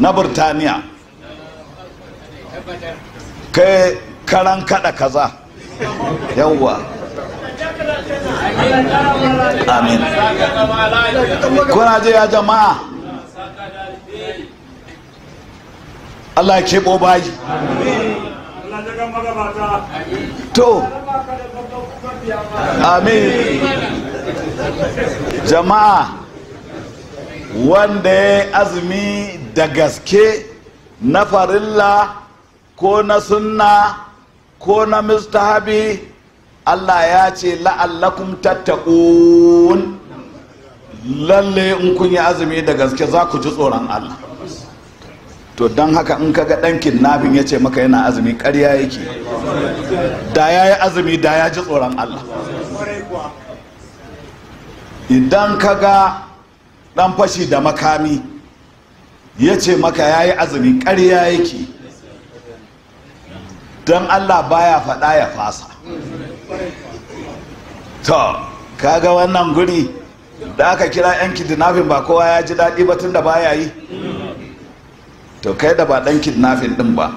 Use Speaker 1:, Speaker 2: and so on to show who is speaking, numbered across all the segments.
Speaker 1: na burtaniya kai karan kada kaza yawwa amin kuna je ya jama'a Allah ya keɓo bayi to amin jama'a wanda ya azumi da gaske na farilla ko na sunna ko na mustahabi Allah ya ce la'allakum tattaqun lalle in kun yi azumi da gaske za ku ji tsoron Allah to don haka in kaga dan kinnafin ya ce maka yana azumi karya yake da ya yi azumi da ya ji tsoron Allah idan kaga Ɗan fashi da makami ya ce maka ya yi azumi ƙarya yake don allah baya faɗa ya fasa to kaga wannan guri da aka kira yan kidnafin ba kowa ya ji daɗi ba tun da baya yi to kai da ba ɗan kidnafin ɗin ba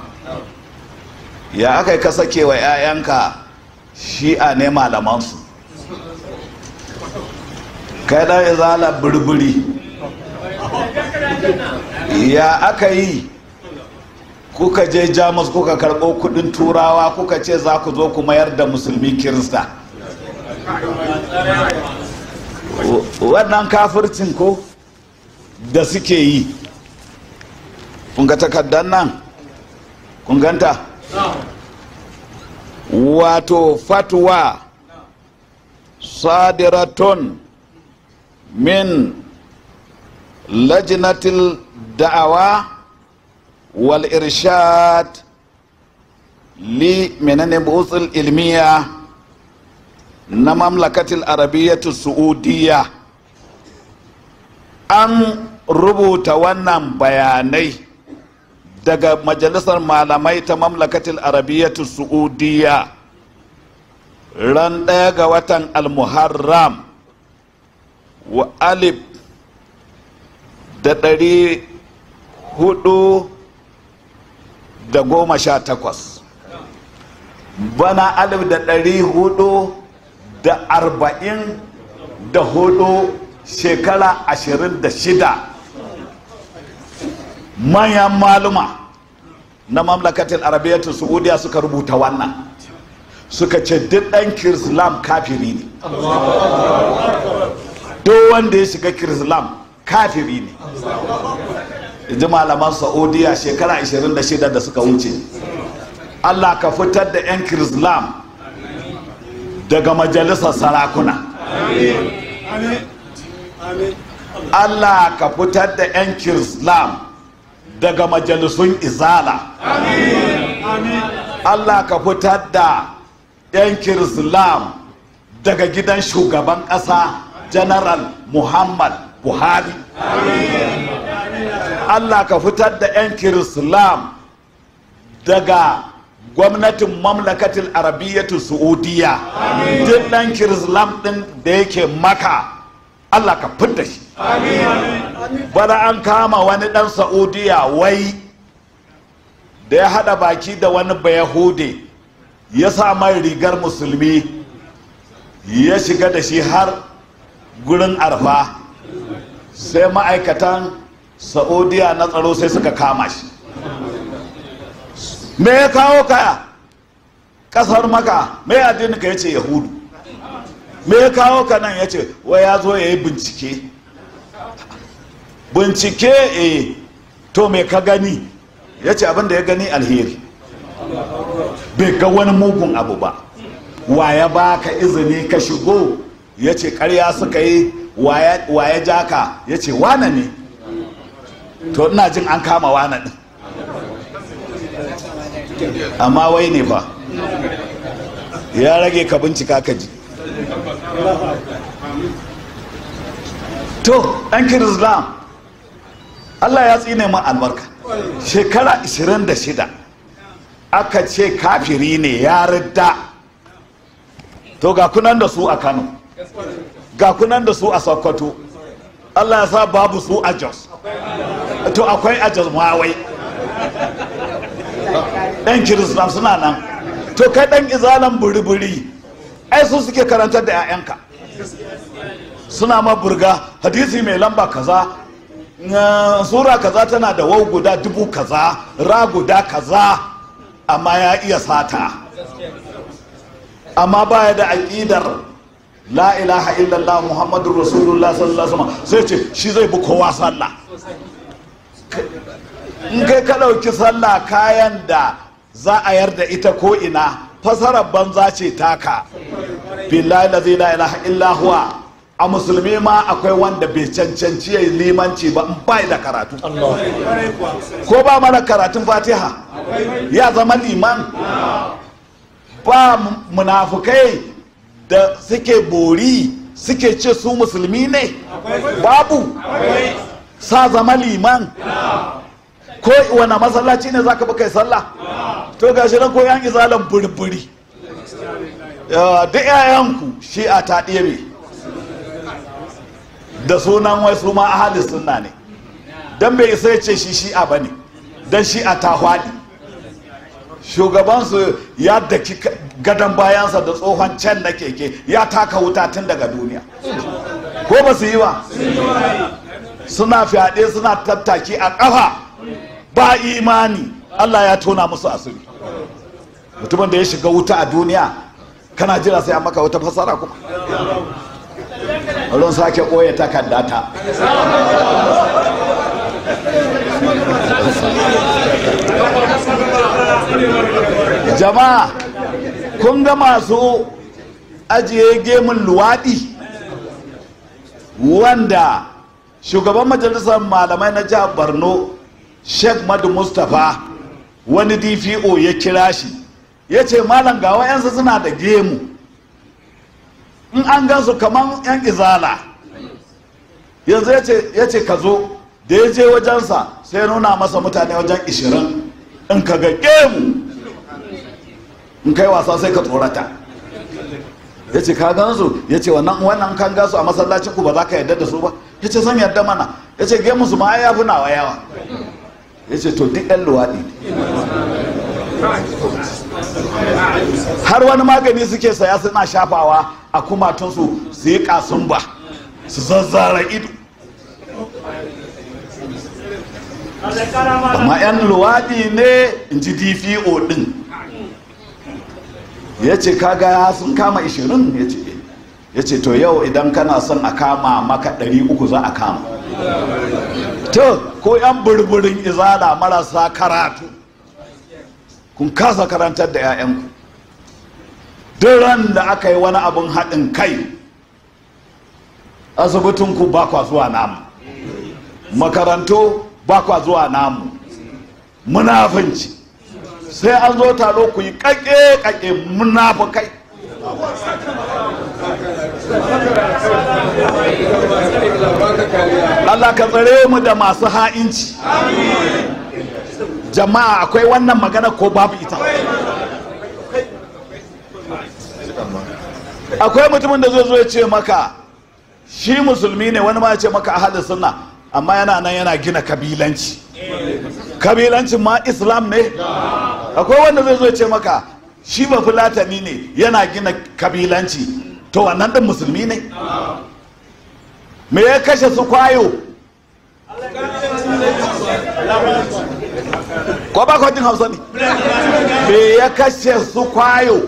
Speaker 1: ya aka yi ka sake wa 'ya'yanka shi'a ne malamansu kai dan izala burburi ya aka yi kuka je jamus kuka karɓo kudin turawa kuka ce za ku zo ku mayar da musulmi kirista wannan kafircin ko da suke yi ga takardar nan kunganta wato fatwa sadiraton. من لجنة الدعوة والإرشاد لمن النبوث العلمية نمملكة العربية السعودية أم rubuta wannan bayanai daga majalisar malamai ta mamlakatil arabiyyatu su'udiyya ran ɗaya ga watan al-Muharram. wa alif da ɗari hudu da goma sha takwas bana alif da ɗari hudu da arba'in da hudu shekara ashirin da shida manyan maluma na mamlakatin arabiyyatun saudiya suka rubuta wannan suka ce duk ɗan kirislam kafiri ne duk wanda ya shiga kirislam kafiri ne ji malaman saudiya shekara 26 da suka wuce allah ka fitar da 'yan kirislam daga majalisar sarakuna allah ka fitar da 'yan kirislam daga majalisun izala allah ka fitar da 'yan kirislam daga gidan shugaban kasa. general muhammad buhari allah ka fitar da 'yan kirislam daga gwamnatin mamlakatin arabiyyatu saudiya duk ɗan kirislam ɗin da yake maka allah ka fitar shi bada an kama wani ɗan saudiya wai da ya haɗa baki da wani bayahude ya sa mai rigar musulmi ya shiga da shi har gurin arfa sai ma'aikatan saudiya na tsaro sai suka kama shi me ya kawo ka kasar maka me addini ka ce yahudu me ya kawo ka nan ya ce? wai ya zo ya yi bincike bincike eh to me ka gani yace abin da ya gani alheri bai ga wani mugun abu ba wa ya baka izini ka shigo ya ce karya suka yi waye jaka ya ce wane ne to ina jin an kama wane ɗin amma wai ne ba ya rage ka bincika ka ji to ɗan kirislam allah ya tsine ma albarka shekara 26 aka ce kafiri ne ya ridda to ga kunan da su a kano ga kunan da su a sokoto allah ya sa babu su a jos to akwai a jos mawai ɗan kiristan suna nan to kai ɗan izalan buri-buri ai su suke karantar da 'ya'yanka suna ma burga hadisi mai lamba kaza sura kaza tana da wau guda dubu kaza ra guda kaza amma ya iya sata amma baya da aƙidar la ilaha illallah muhammadur rasulullah sallallahu alaihi wasallam sai ce shi zai bi kowa sallah in kai ka ɗauki sallah kayan da za a yarda ita ko ina fasarar banza ce taka billahi la zai ilaha illahuwa a musulmi ma akwai wanda bai cancanci ya yi limanci ba in bai da karatu ko ba mana karatun fatiha ya zama liman ba munafukai da suke bori suke ce su musulmi ne babu sa zama liman ko wani masallaci ne za ka bi kai sallah to gashi nan ko yan izalan buri duk yayanku shi a ta ɗebe da sunan wai su ma ahalin sunna ne don bai isa ya ce shi shi'a ba ne don shi'a ta hwaɗi shugabansu ya daki gadon bayansa da tsohon can na keke ya taka wuta tun daga duniya ko ba su yi ba suna fyaɗe suna tattaki a ƙafa ba imani allah ya tona musu asiri mutumin da ya shiga wuta a duniya kana jira sai ya maka wata fasara kuma ruwan sake ɓoye takardata jama'a kun ga masu ajiye gemun luwaɗi wanda shugaban majalisar malamai na jihar borno sheikh madu mustapha wani dpo ya kira shi ya ce malam ga wa'yansu suna da gemu in an gansu kamar 'yan izala yanzu ya ce ka zo da ya je wajensa sai nuna masa mutane wajen ishirin in ka ga gemu in kai wasa sai ka tsorata ya ce ka gan su ya ce wannan kan gasu a masallacin ku ba za ka yarda da su ba ya ce san yarda mana ya ce gemu su ma ya fi nawa yawa ya ce to duk yan luwaɗi har wani magani suke saya suna shafawa a kumatunsu su yi kasumba su zazzara ido amma 'yan luwaɗi ne in ji dpo ɗin ya ce kaga sun kama 20 ya ce ya ce to yau idan kana son a kama maka 300 za a kama to ko 'yan burburin izada marasa karatu kun kasa karantar da 'ya'yanku duk ran da aka yi wani abin haɗin kai asibitinku ba kwa zuwa namu makarantu ba kwa zuwa namu munafunci sai an zo taro ku yi kake kake Kai. Allah ka tsare mu da masu ha'inci jama'a akwai wannan magana ko babu ita akwai mutumin da zai zo ya ce maka shi musulmi ne wani ma ya ce maka ahalin sunna amma yana nan yana gina kabilanci kabilancin ma islam ne akwai wanda zai zo ce maka shi ba fulatani ne yana gina kabilanci to wannan din musulmi ne me ya kashe su kwayo ko ba kwajin hausa ne me ya kashe su kwayo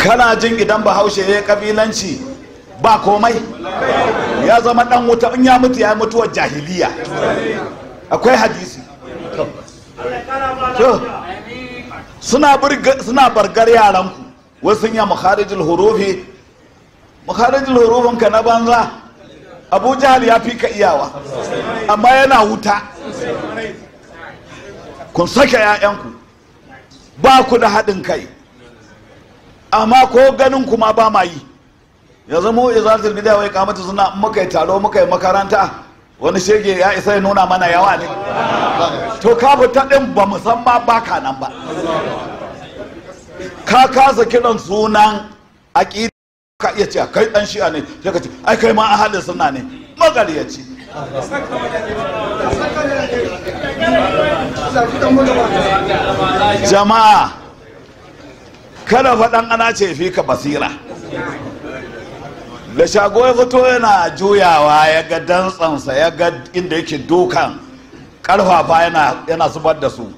Speaker 1: kana jin idan bahaushe ya yi kabilanci ba komai ya zama dan wuta in ya mutu ya mutuwar jahiliya akwai hadisi suna bargar yaranku wasu ya makharijul hurufi makharijul hurufin ka na banza abu jahal ya fi ka iyawa amma yana wuta kun sake 'ya'yanku ba ku da haɗin kai amma ko ganin kuma ba ma yi ya zamo izalatul bid'a wai kamata suna muka yi taro muka yi makaranta wani shege ya isa ya nuna mana yawa ne to ka fita din ba mu san ma nan ba ka kasa kiran sunan aqida ka iya cewa kai dan shi'a ne sai ka ce ai kai ma ahalin sunna ne magariyaci jama'a kada faɗan ana ce fi ka basira da shago ya fito yana juyawa ya ga dantsansa ya ga inda yake dukan Ƙarfafa yana zubar da su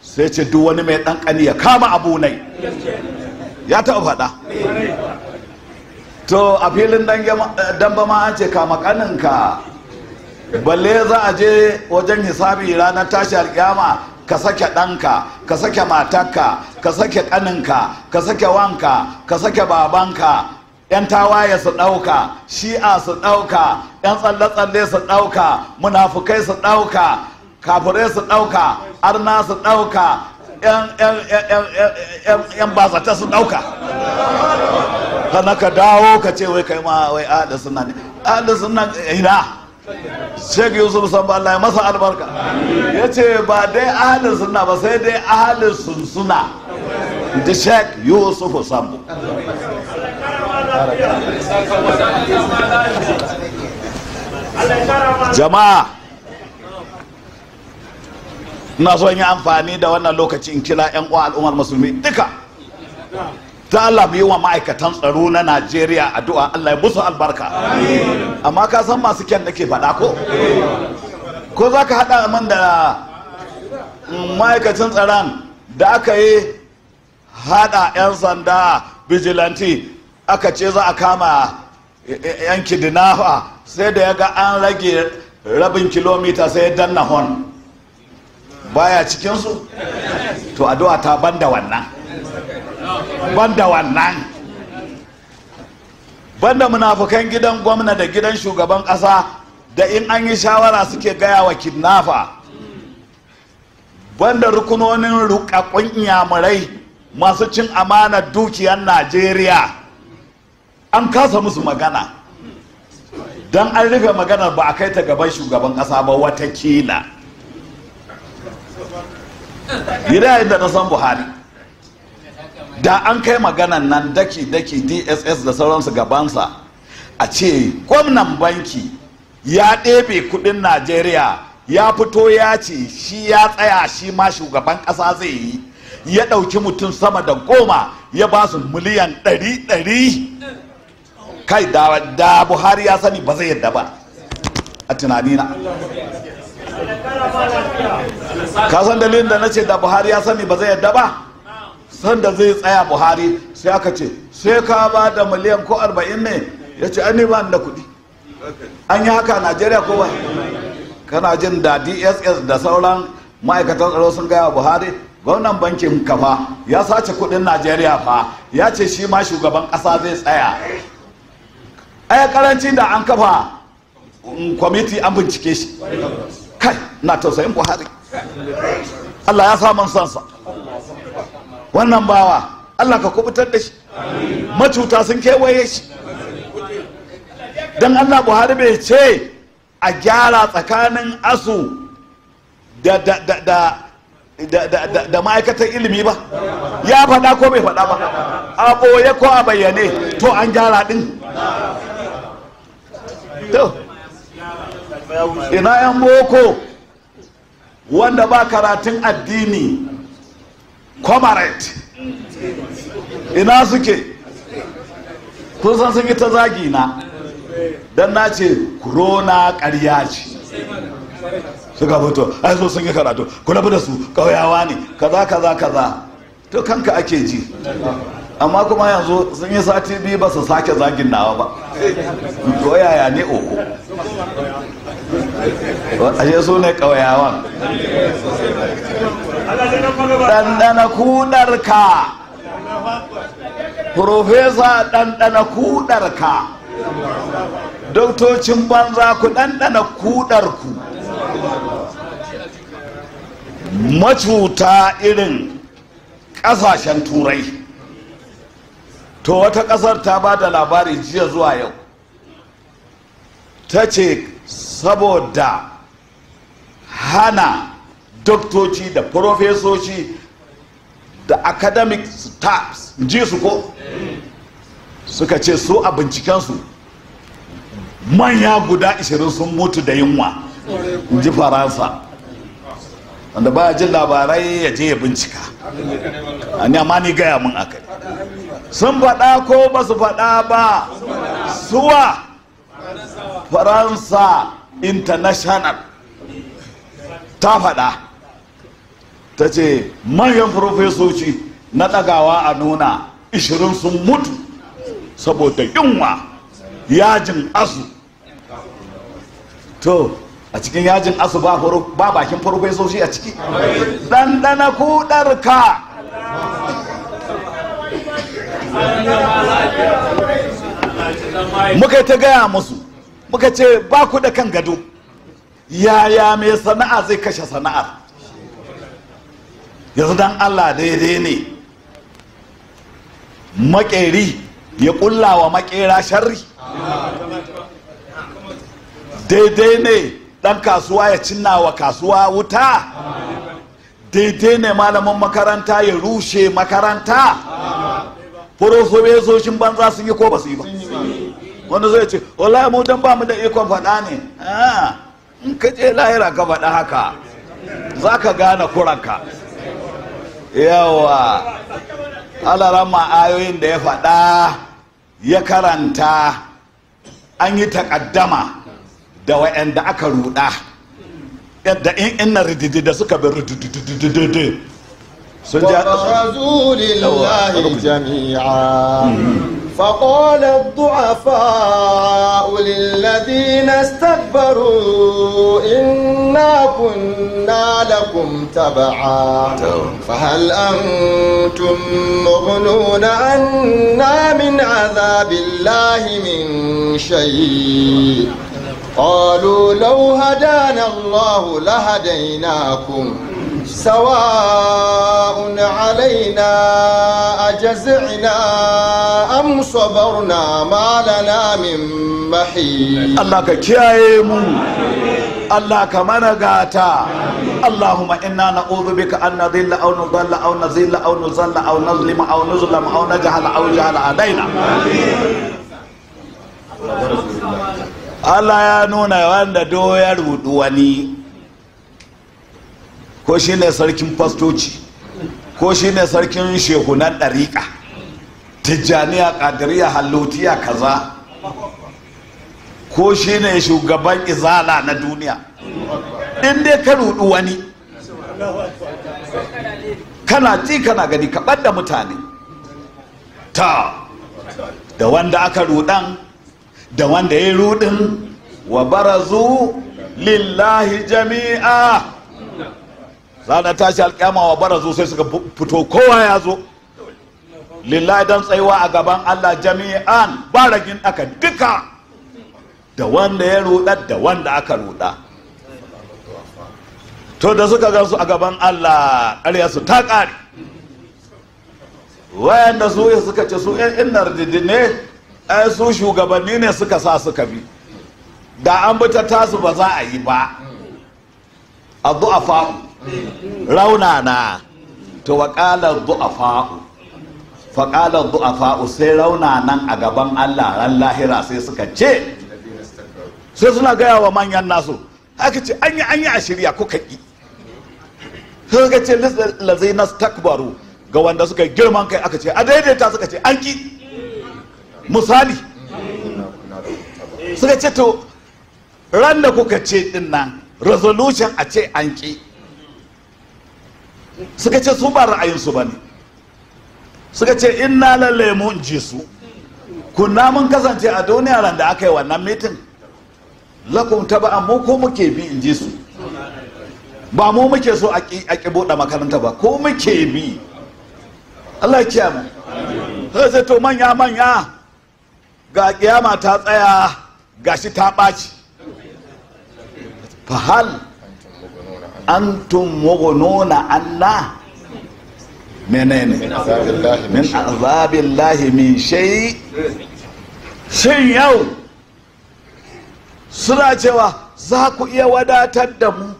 Speaker 1: sai ce duk wani mai ɗanƙani ya kama abu nai ya taɓa faɗa to a filin damba ma an ce kama ƙaninka balle za a je wajen hisabi ranar tashi alƙiyama ka sake ɗanka ka sake matarka ka sake ƙaninka ka sake wanka ka sake babanka 'yan tawaye su ɗauka shi'a su ɗauka 'yan tsalle-tsalle su ɗauka munafukai su ɗauka kafure su ɗauka arna su ɗauka 'yan basata su ɗauka na ka dawo ka ce wai kai ma wai ahli suna ne ahli suna ina shek yusuf samba allah ya masa albarka ya ce ba dai ahalin suna ba sai dai ahalin suna. da shek yusuf sambo jama'a ina son yi amfani da wannan lokacin kila kira 'yan uwa al'ummar musulmi duka ta Allah wa ma'aikatan tsaro na Najeriya addu'a Allah ya musu albarka amma ka san masu kyan nake faɗa ko ko za ka haɗa man da mm, ma'aikacin tsaron da aka yi haɗa 'yan sanda bijilanti aka ce za a kama e, e, 'yan kidinafa sai da ya ga an rage rabin kilomita sai ya danna hon baya cikinsu to addu'a ta banda wannan banda wannan banda munafukan gidan gwamna da gidan shugaban ƙasa da in an yi shawara suke gaya wa kidnafa banda rukunonin rukakun iyamurai masu cin amanar dukiyar najeriya an kasa musu magana don an rufe maganar ba a kai ta gaban shugaban ƙasa ba watakila gida yadda na san buhari da an kai magana nan daki-daki dss da sauransu gabansa a ce gwamnan banki ya ɗebe kudin najeriya ya fito ya ce shi ya tsaya shi ma shugaban ƙasa zai yi ya ɗauki mutum sama da goma ya ba su miliyan ɗari ɗari kai da buhari ya sani ba zai yadda ba a tunanina ka san dalilin da na ce da buhari ya sani ba zai yadda ba sanda zai tsaya buhari sai aka ce sai ka ba da miliyan ko arba'in ne ya ce an ba da kuɗi an yi haka a najeriya ko wani kana jin da dss da sauran ma'aikatan tsaro sun gaya buhari gwamnan bankin kafa ya sace kuɗin najeriya fa ya ce shi ma shugaban kasa zai tsaya ai karanci da an kafa mm, kwamiti an bincike shi kai na tausayin buhari allah ya samun sansa wannan bawa Allah ka kubutar da shi Macuta sun kewaye shi don Allah Buhari bai ce a gyara tsakanin asu da ma'aikatan ilimi ba ya faɗa ko bai faɗa ba a ɓoye ko a bayyane to an gyara ɗin ina yan boko wanda ba karatun addini comrade ina suke kun san sun yi ta zagi na don na ce corona ƙarya ce suka fito ai so sun yi karatu kula da su ƙauyawa ne kaza kaza kaza to kanka ake ji amma kuma yanzu sun yi sati biyu ba su sake zagin nawa ba to yaya ne oko ashe su ne ƙauyawan ɗanɗana kuɗarka profesa ɗanɗana kuɗarka doktocin banza ku ɗanɗana kuɗarku macuta irin ƙasashen turai to wata ƙasar ta ba da labari jiya zuwa yau ta ce saboda hana doktoci da profesoci da academic staffs ji su ko suka ce su a bincikensu manya guda 20 sun mutu da yunwa ji faransa wanda ba jin labarai ya je ya bincika a amma ni gaya mun akai sun faɗa ko ba su faɗa ba suwa faransa international ta faɗa ta ce manyan farfesoci na ɗagawa a nuna 20 sun mutu saboda yunwa yajin asu to a cikin yajin asu ba bakin farfesoci a ciki ɗanɗana kudarka muka ta gaya musu muka ce ba ku da kan gado yaya mai sana'a zai kashe sana'ar yanzu dan allah daidai ne makeri ya kulla wa makera shari. daidai ne dan kasuwa ya cinna wa kasuwa wuta daidai ne malamin makaranta ya rushe makaranta furosofesoshin banza sun yi ko ba su yi ba wanda zai ce wallahi mu dan ba mu da ikon faɗa ne ah, in ka je lahira ka faɗa haka za ka gane kuranka yawa alarama ayoyin da ya faɗa ya karanta an yi takaddama da wa'anda aka ruɗa yadda in ina rididi da suka bi rididi sun ji jami'a فقال الضعفاء للذين استكبروا إنا كنا لكم تبعا فهل أنتم مغنون عنا من عذاب الله من شيء قالوا لو هدانا الله لهديناكم سواء علينا أجزعنا kam sabarna ma lana min mahi Allah ka kiyaye mu Allah ka mana gata Allahumma inna na'udhu bika an nadilla aw nudalla aw nazilla aw nuzalla aw nazlima aw nuzlam aw najhala aw jahala adaina Allah ya nuna wanda do ya rudu wani ko shine sarkin fastoci ko shine sarkin shehunan dariƙa tijjaniya kadiriya hallotiya kaza ko shi ne shugaban izala na duniya in dai ka rudu wani kana ci kana gani kaɓar da mutane ta da wanda aka rudan da wanda ya rudin wa barazu lillahi jami'a ranar tashi alƙyama wa barazu sai suka fito kowa ya zo lillahi don tsayuwa a gaban Allah jami'an ba ragin aka duka da wanda ya ruɗa da wanda aka ruɗa to da suka gansu a gaban Allah ƙarya su ta ƙare wayanda su suka ce su ƴan inar ne ai su shugabanni ne suka sa suka bi da an bata tasu ba za a yi ba a du'afa raunana to wa qala du'afa faƙalar du'afa sai rauna nan a gaban allah ran lahira sai suka ce sai suna gaya wa manyan nasu haka ce an yi an yi a shirya kuka ƙi sai suka ce lazai na stakbaru ga wanda suka yi girman kai aka ce a daidaita suka ce an ƙi misali suka ce to ran da kuka ce din nan resolution a ce an ƙi suka ce su ba ra'ayinsu ba ne suka ce na lalle mu in ji su kunna mun kasance a duniya ran da aka yi wannan mitin lakum taba'an mu ko muke bi in ji su ba mu muke so a ki bude makaranta ba ko muke bi Allah ya kiyamu sai to manya manya ga kiyama ta tsaya gashi ta ɓaci fahal antum mugununa Allah menene min azabillahi min shay shin yau suna cewa za ku iya wadatar da mu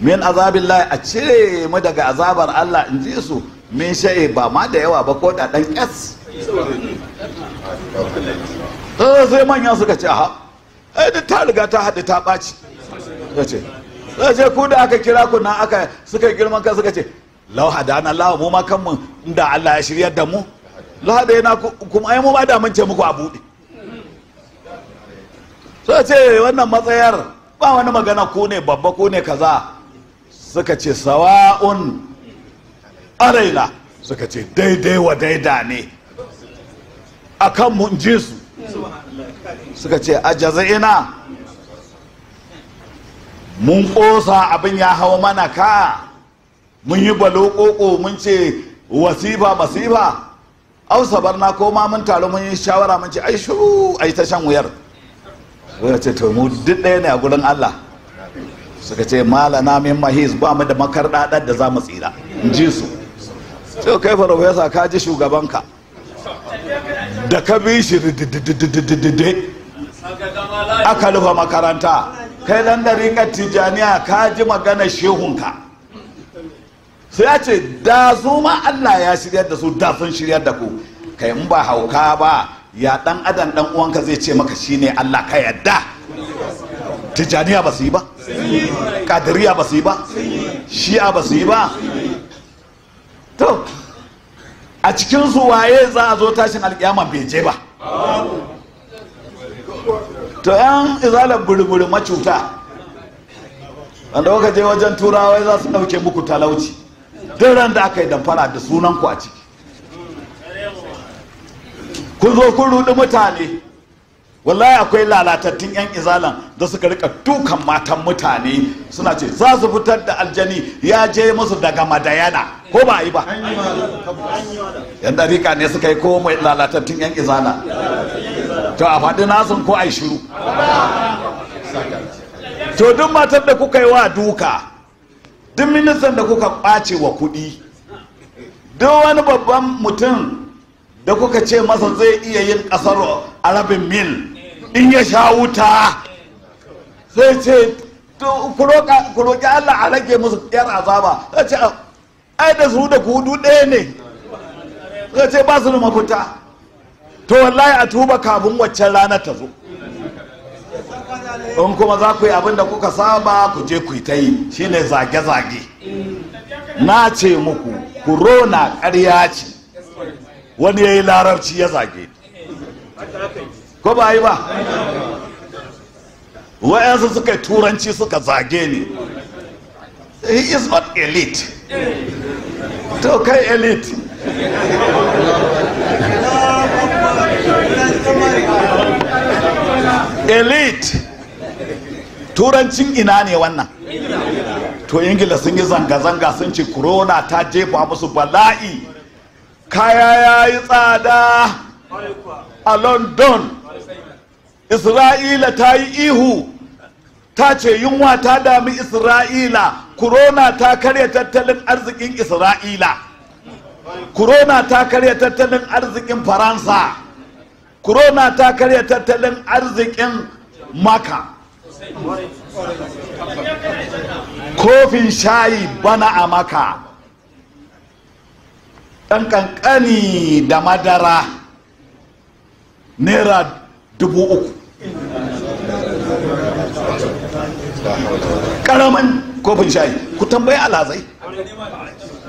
Speaker 1: min azabillahi a cire mu daga azabar Allah in ji su min shay ba ma da yawa ba ko da dan kyas eh, sai manyan suka ce ha ai ta riga ta haɗu ta ɓaci sai ku da aka kira ku nan aka suka girman kan suka ce lauha da ana lawa mu ma kanmu inda Allah ya shiryar da mu lauha da yana kuma ai mu ma da mun ce muku a buɗe so ce wannan matsayar ba wani magana ku ne babba ku ne kaza suka ce sawa'un alaina suka ce daidai wa daida ne a kanmu in ji su suka ce a jaza'ina mun ƙosa abin ya hau mana ka mun yi balokoko mun ce wasifa masifa au barna ko ma mun taru mun yi shawara mun ce ai shu ai ta shan wuyar wuyar ce to mu duk ɗaya ne a gurin Allah suka ce malana min mahiz ba mu da makarɗaɗar da za mu tsira in ji su sai kai farfesa ka ji shugabanka da ka bi shi aka rufe makaranta kai dan dariƙar tijaniya ka ji magana shehunka sai ya ce da su ma Allah ya shirya da su da sun shirya da ku kai in ba hauka ba ya dan adam dan uwanka zai ce maka shine Allah ka yadda tijaniya ba su yi ba kadiriya ba su yi ba shi'a ba su yi ba to a cikin su waye za a zo tashin alkiyama bai je ba to yan izalar burburi macuta wanda kuka je wajen turawa za su ɗauke muku talauci duk ran da aka yi damfara da sunan ku a ciki Ku zo kun ruɗi mutane wallahi akwai lalatattun 'yan izalan da suka rika dukan matan mutane suna ce za su fitar da aljani ya je musu daga madayana ko ba yi ba yan dariƙa ne suka yi ko mai lalatattun 'yan izala to a faɗi nasun ko a yi shiru to duk matar da kuka yi wa duka duk ministan da kuka ɓace wa kuɗi duk wani babban mutum da kuka ce masa zai iya yin ƙasar arabin mil in ya sha wuta sai ce ku roƙi allah a rage musu yar azaba sai ce ai da su da kudu ɗaya ne sai ce ba su da mafita to wallahi a tuba kafin waccan ranar ta zo in kuma za ku yi abin da kuka saba ku je ku yi ta yi shine zage-zage na ce muku korona ƙarya ce wani ya yi larabci ya zage ko ba yi ba wa'yansu suka turanci suka zage ni he is not elite to kai elite elite turancin ina ne wannan to ingila sun yi zanga-zanga sun ce corona ta jefa musu bala'i kaya ya yi tsada a london isra'ila ta yi ihu ta ce yunwa ta dami isra'ila corona ta karya tattalin arzikin isra'ila corona ta karya tattalin arzikin faransa corona ta karya tattalin arzikin maka kofin shayi bana a maka ɗan ƙanƙani da madara naira dubu uku ƙaramin kofin shayi ku tambayi alazai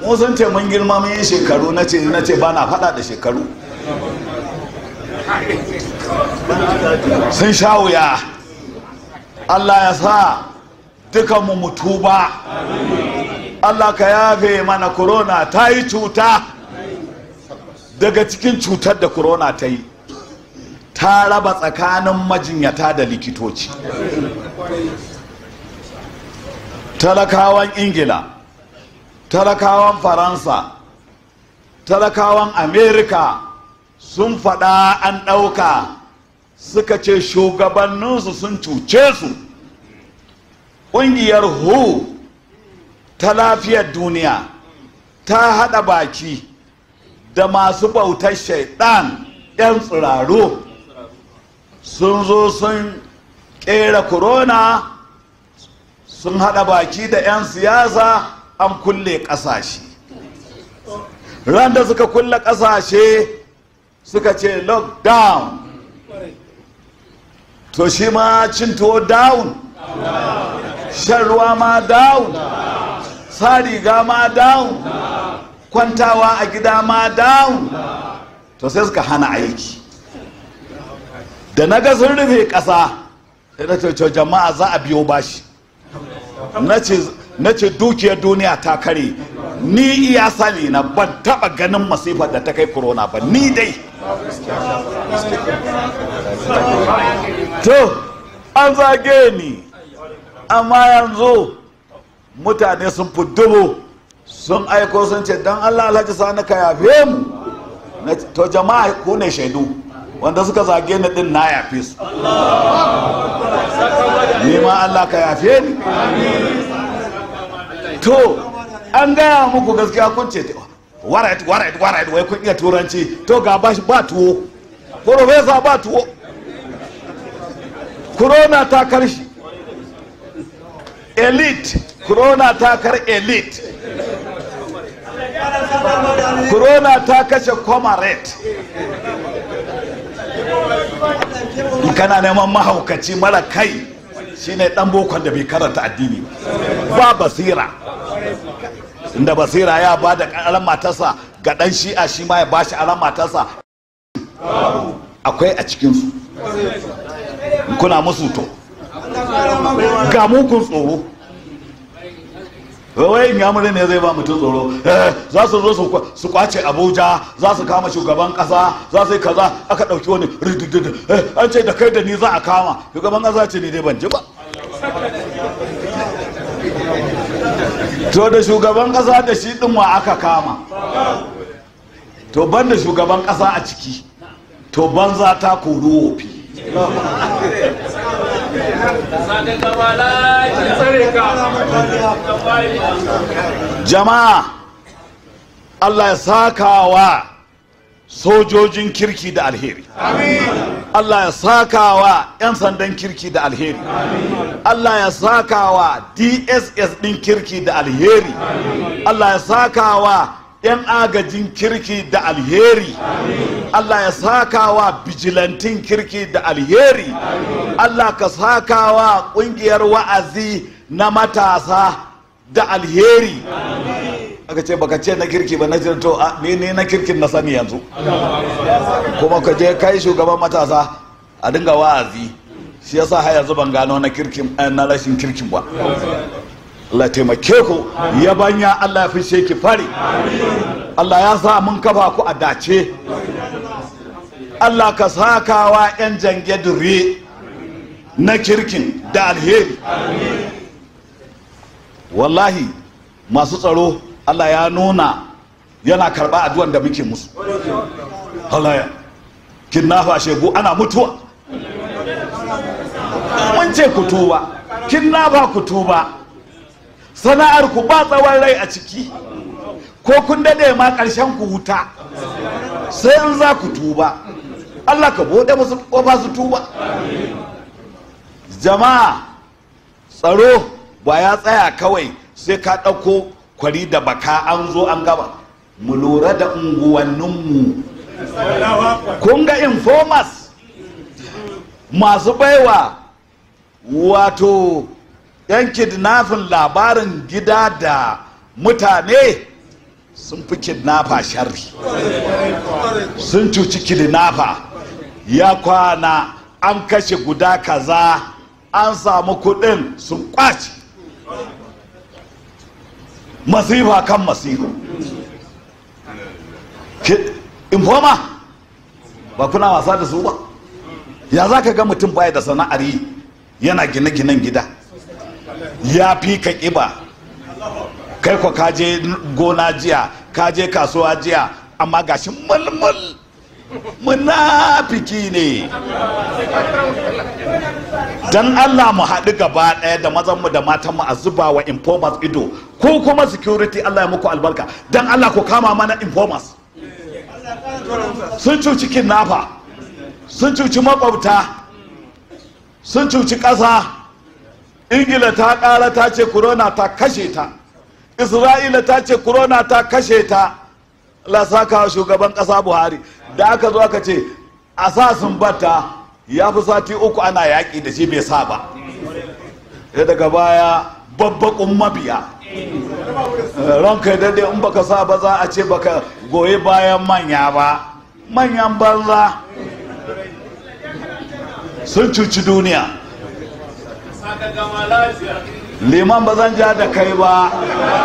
Speaker 1: mun ce mun girma mun yi shekaru na ce ba na faɗa da shekaru sun sha wuya allah ya sa dukanmu ba. allah ka yafe mana korona ta yi cuta daga cikin cutar da korona ta yi ta raba tsakanin majinyata da likitoci talakawan ingila talakawan faransa talakawan amerika sun faɗa an ɗauka suka ce shugabanninsu sun cuce su ƙungiyar hu ta lafiyar duniya ta haɗa baki da masu bautar shaiɗan 'yan tsiraro sun zo sun ƙera corona sun haɗa baki da 'yan siyasa an kulle ƙasashe ran da suka kulle ƙasashe suka ce lockdown to shi ma cin tuwo down shan ruwa ma down sa riga ma down kwantawa a gida ma down to sai suka hana aiki da na ga sun rufe ƙasa sai na ce jama'a za a biyo bashi na ce dukiyar duniya ta kare ni iya sani na ban taba ganin masifar da ta kai corona ba ni dai to an zage ni amma yanzu mutane sun fi dubu sun aiko sun ce don allah alhaji sani ka yafe mu to jama'a ku ne shaidu wanda suka zage ni din na yafe su ni ma allah ka yafe ni to an gaya muku gaskiya kun ce warait warait warait wai kun iya turanci to ga ba shi ba tuwo profesa ba tuwo corona ta kar shi elite corona ta kar elite corona ta kashe comrade kana neman mahaukaci mara kai shine dan bokon da bai karanta addini ba basira inda basira ya ba da aran matarsa ga dan shi'a shi ma ya ba shi aran matarsa akwai a cikinsu kuna musu to ga mukun tsoro ya mure ne zai ba mutum tsoro eh, za su zo su kwace abuja za su kama shugaban kasa za su yi kaza aka ɗauki wani rididid eh, an ce da kai da ni za a kama shugaban kasa ce ne dai ban ji ba to da shugaban kasa da shi din wa aka kama to ban da shugaban kasa a ciki to ban za ta kori wofi jama'a allah ya wa. sojojin kirki da alheri Allah ya sakawa 'yan sandan kirki da alheri Allah ya sakawa DSS din kirki da alheri Allah ya sakawa 'yan agajin kirki da alheri Allah ya sakawa bijilantin kirki da alheri Allah ka sakawa wa ƙungiyar wa'azi na matasa da alheri aka ce baka ce na kirki ba na jin to ni ne na kirkin na sani yanzu kuma ka je kai shugaban matasa a dinga wa'azi shi yasa har yanzu ban gano na kirkin eh, na rashin kirkin ba Allah taimake ku yabanya Allah ya fishe ki fari Allah ya sa mun kafa ku a dace Allah ka saka wa 'yan jange dure na kirkin da alheri wallahi masu tsaro Allah ya nuna yana karba addu'an da muke musu halaya fa shegu ana mutuwa mun ce ku tuba ba ku tuba sana'ar ku ba tsawon rai a ciki ko kun dade ma karshen ku wuta sai in za ku tuba Allah ka bude musu kofa su tuba jama'a tsaro ba ya tsaya kawai sai ka ɗauko kwari da baka an zo an gaba mu lura da unguwanninmu kun ga informers masu baiwa wato yan kidnafin labarin gida da mutane sun fi kidnafa shari, sun cuci kidnafa ya kwana an kashe guda kaza an samu kudin sun kwaci masifa kan masifa infoma ba kuna wasa da su ba ya za ka ga mutum baya da sana'ari yana gine-ginen gida ya fi ka ƙiba kai ka kaje gona jiya kaje kasuwa jiya amma gashin malmal munafiki ne dan Allah mu haɗu gaba ɗaya da mazanmu da matanmu a zuba wa informers ido ko kuma security Allah ya muku albarka dan Allah ku kama mana informers sun cuci kidnapper sun cuci makwabta sun cuci ƙasa ingila ta ƙara ta ce corona ta kashe ta isra'ila ta ce corona ta kashe ta Allah shugaban kasa Buhari da aka zo aka ce a sa sun bata ya fi sati uku ana yaƙi da shi bai sa ba daga baya babbaƙun mabiya ranka daɗe in baka sa ba za a ce baka goyi bayan manya ba manyan banza sun cuci duniya liman ba zan ja da kai ba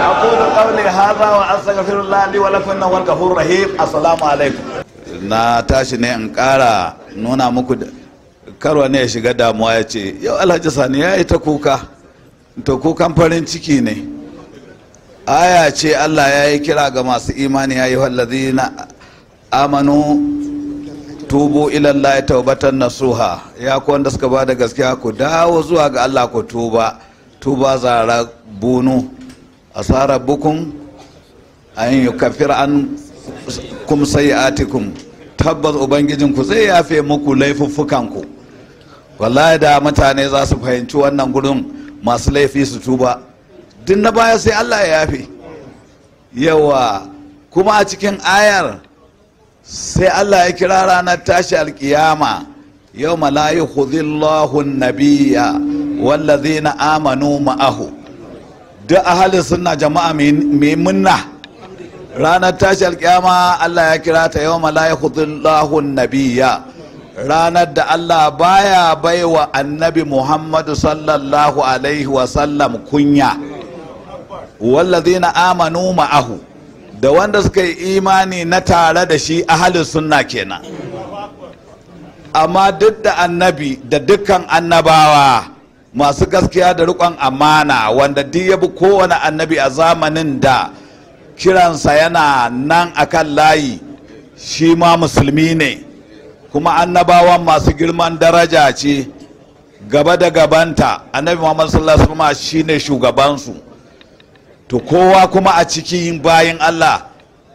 Speaker 1: a kudu ƙaule haza wa firin li wa lafin nan ghafur rahim assalamu alaikum na tashi ne in ƙara nuna muku karwa ne ya shiga damuwa ya ce yau alhaji sani ya yi ta kuka to kukan farin ciki ne aya ce allah ya yi kira ga masu imani ya yi na amanu tubu ilallahi taubatan nasuha ya ku suka ba da gaskiya ku dawo zuwa ga allah ku tuba tuba zara bunu tsara bukun an yi kafir an kum sai sayi'atikum tabbas ubangijinku zai yafe muku laifuffukanku wallahi da mutane za su fahimci wannan gurin masu laifi su tuba duk na baya sai allah ya yafe yawa kuma a cikin ayar sai allah ya kira ranar tashi alkiyama yau malayi hudillahu nabiya na amanu ma'ahu duk ahalin suna jama'a mai munna ranar tashi kyama Allah ya kira ta yau malaikatullahu nabiyya ranar da Allah baya baiwa annabi Muhammadu sallallahu alaihi wasallam kunya na amanu ma'ahu da wanda suka yi imani na tare da shi ahalin sunna kenan amma duk da annabi da dukkan annabawa masu gaskiya da rikon amana wanda duk ya bi kowane annabi a zamanin da kiransa yana nan akan layi shi ma musulmi ne kuma annabawan masu girman daraja ce gaba da gabanta annabi muhammad sallallahu alaihi wasallam shine shugabansu to kowa kuma a cikin bayin allah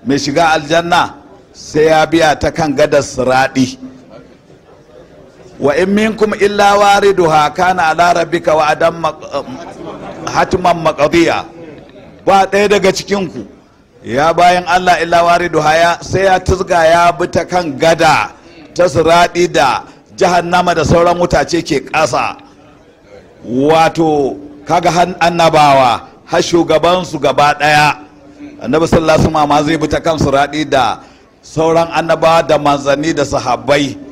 Speaker 1: mai shiga aljanna sai ya biya ta kan gadar siraɗi wa in minkum illa wariduha kana ala rabbika wa adam hatiman maqdiya ba ɗaya daga cikin ku ya bayan Allah illa wariduha ya sai ya tuzga ya bi ta kan gada ta siradi da jahannama da sauran mutace ke ƙasa wato kaga annabawa har su gaba ɗaya annabi sallallahu alaihi wasallam zai bi ta kan siradi da sauran annabawa da manzani da sahabbai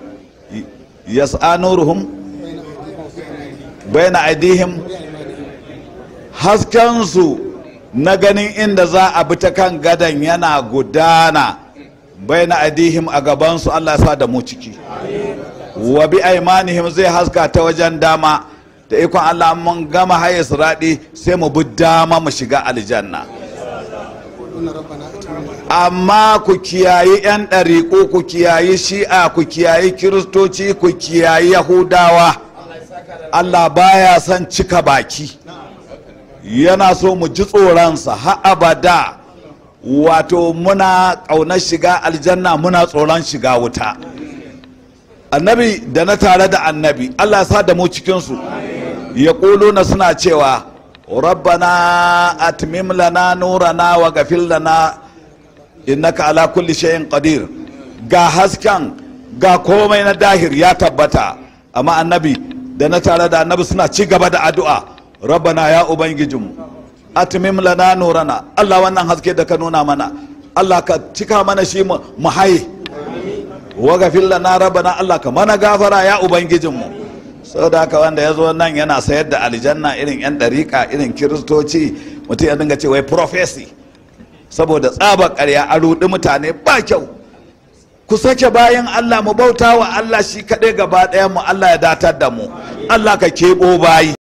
Speaker 1: yas'a nuruhum bayna aidihim haskensu na ganin inda za a bi ta kan gadan yana gudana bayna aidihim a gabansu Allah ya sa da mu ciki wa bi aimanihim zai haska ta wajen dama da ikon Allah mun gama haye raɗi sai mu bi dama mu shiga aljanna amma ku kiyayi 'yan ɗariƙo ku kiyayi shi'a ku kiyayi kiristoci ku kiyayi yahudawa allah baya son cika baki yana so mu ji tsoronsa ha abada wato muna ƙaunar shiga aljanna muna tsoron shiga wuta annabi da na tare da annabi allah sa da mu cikinsu ya na suna cewa rabbana atmim lana nurana wa gafil lana innaka ala kulli shay'in qadir ga hasken ga komai na dahir ya tabbata amma annabi da na tare da annabi suna ci gaba da addu'a rabbana ya ubangijinmu atmim lana nurana Allah wannan haske da ka nuna mana Allah ka cika mana shi mu haye wa gafir lana rabbana Allah ka mana gafara ya ubangijinmu saboda haka wanda ya zo nan yana sayar da aljanna irin yan dariƙa irin kiristoci mutum ya dinga ce wai prophecy saboda tsaba karya a ruɗi mutane ba kyau ku sake bayan Allah mu bauta wa Allah shi kaɗai gaba ɗaya mu Allah ya datar da mu Allah ka keɓo bayi